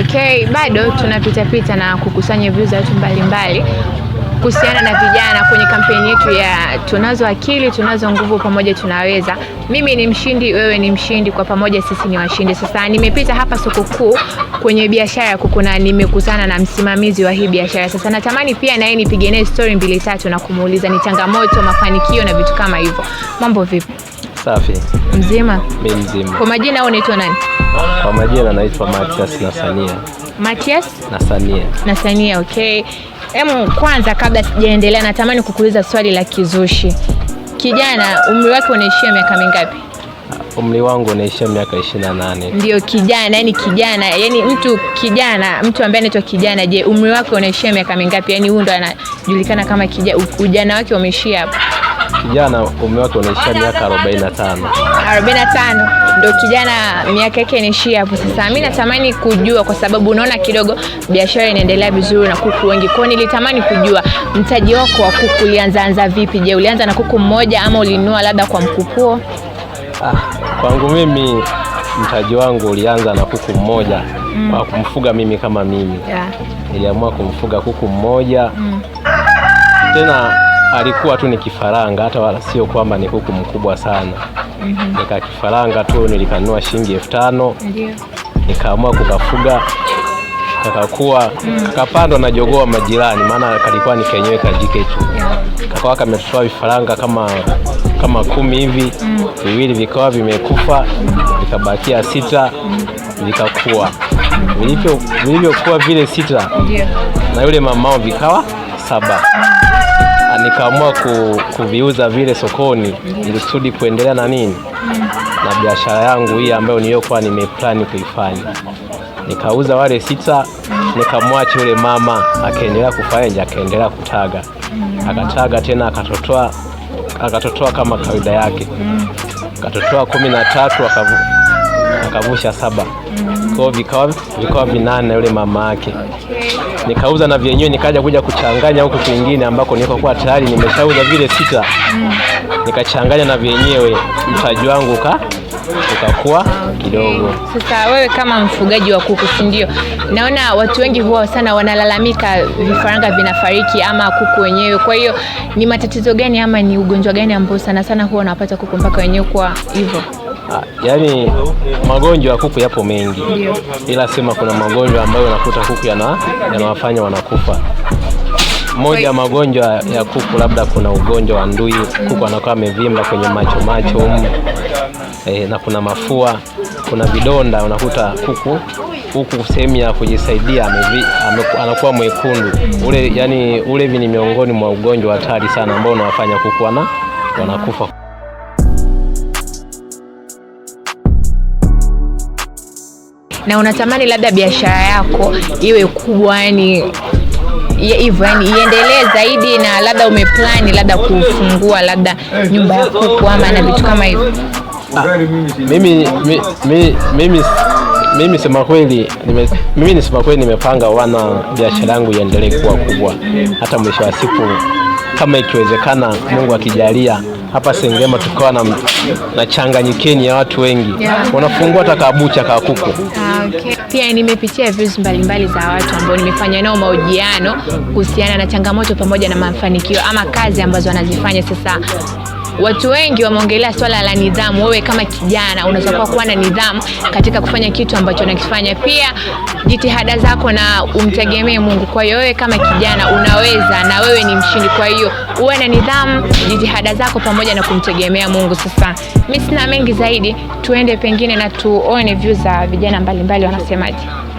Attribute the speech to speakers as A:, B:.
A: Okay, bado tunapitapita na kukusanya views za watu mbalimbali kuhusiana na vijana kwenye kampeni yetu ya tunazo akili tunazo nguvu pamoja tunaweza. Mimi ni mshindi, wewe ni mshindi, kwa pamoja sisi ni washindi. Sasa nimepita hapa soko kuu kwenye biashara ya kuku na nimekutana na msimamizi wa hii biashara. Sasa natamani pia na yeye nipige naye story mbili tatu na kumuuliza ni changamoto, mafanikio na vitu kama hivyo. Mambo vipi? Safi. Mzima? Mimi mzima.
B: Kwa majina unaitwa nani?
A: Kwa majina naitwa Matias Nasania. Matias? Nasania.
B: Nasania, okay. Em, kwanza kabla sijaendelea natamani kukuuliza swali la kizushi. Kijana umri wake unaishia miaka mingapi?
A: Umri wangu unaishia miaka 28.
B: Ndio kijana, yani kijana, yani mtu kijana, mtu ambaye anaitwa kijana, je, umri wake unaishia miaka mingapi? Yani huyu ndo anajulikana kama kijana, ujana wake umeishia hapo
A: kijana umri wake unaishia miaka 45.
B: 45 ndio kijana miaka yake inaishia hapo. Sasa mimi natamani kujua, kwa sababu unaona kidogo biashara inaendelea vizuri na kuku wengi, kwa nilitamani kujua mtaji wako wa kuku ulianzaanza vipi? Je, ulianza na kuku mmoja ama ulinua labda kwa mkupuo?
A: Ah, kwangu mimi mtaji wangu ulianza na kuku mmoja mm. wa kumfuga mimi kama mimi yeah. Niliamua kumfuga kuku mmoja mm. tena alikuwa tu ni kifaranga, hata wala sio kwamba ni kuku mkubwa sana. mm -hmm. Nika kifaranga tu nilikanua shilingi elfu tano nikaamua kukafuga kakakuwa mm. kakapandwa na jogoo majirani, maana kalikuwa ni kenyewe yeah. kakawa kametua vifaranga kama kama kumi hivi, mm. viwili vikawa vimekufa, mm. vikabakia sita, vikakua vilivyokuwa vile sita, na yule mamao vikawa saba nikaamua ku, kuviuza vile sokoni ili kuendelea na nini na biashara yangu hii ambayo niliyokuwa nimeplani kuifanya. Nikauza wale sita, nikamwacha yule mama akaendelea kufanya, akaendelea kutaga, akataga tena, akatotoa akatotoa kama kawaida yake, akatotoa kumi na tatu akavusha saba kwao vikawa vikawa vinane yule mama yake. Nikauza na vyenyewe nikaja kuja kuchanganya huku kingine ambako kwa tayari nimeshauza vile sita, nikachanganya na vyenyewe, mtaji wangu ka ukakuwa kidogo.
B: Sasa wewe kama mfugaji wa kuku, si ndio? Naona watu wengi huwa sana wanalalamika vifaranga vinafariki ama kuku wenyewe. Kwa hiyo ni matatizo gani ama ni ugonjwa gani ambao sana sana huwa wanapata kuku mpaka wenyewe kwa hivyo?
A: Yaani magonjwa ya kuku yapo mengi, ila sema kuna magonjwa ambayo unakuta kuku yanawafanya wanakufa. Moja magonjwa ya kuku, labda kuna ugonjwa wa ndui, kuku anakuwa amevimba kwenye macho macho umu, e, na kuna mafua, kuna vidonda, unakuta kuku huku sehemu ya kujisaidia anakuwa mwekundu ule. Yani ulevi ni miongoni mwa ugonjwa hatari sana ambao unawafanya kuku wanakufa.
B: na unatamani labda biashara yako iwe kubwa, yani hivyo yani iendelee zaidi, na labda umeplani labda kufungua labda nyumba ya kuku ama na vitu kama hivyo.
A: Ah, mimi, mi, mi, mimi, mimi sema kweli nime, mimi nisema kweli nimepanga wana biashara yangu iendelee kuwa kubwa, hata mwisho wa siku kama ikiwezekana, Mungu akijalia hapa Sengerema tukawa na, na changanyikeni ya watu wengi yeah. Wanafungua hata kabucha ka kuku ah,
B: okay. Pia nimepitia views mbalimbali za watu ambao nimefanya nao mahojiano kuhusiana na changamoto pamoja na mafanikio ama kazi ambazo wanazifanya sasa watu wengi wameongelea swala la nidhamu. Wewe kama kijana unatakiwa kuwa na nidhamu katika kufanya kitu ambacho unakifanya, pia jitihada zako na umtegemee Mungu. Kwa hiyo wewe kama kijana unaweza, na wewe ni mshindi. Kwa hiyo uwe na nidhamu, jitihada zako, pamoja na kumtegemea Mungu. Sasa mimi sina mengi zaidi, tuende pengine na tuone views za vijana mbalimbali wanasemaje.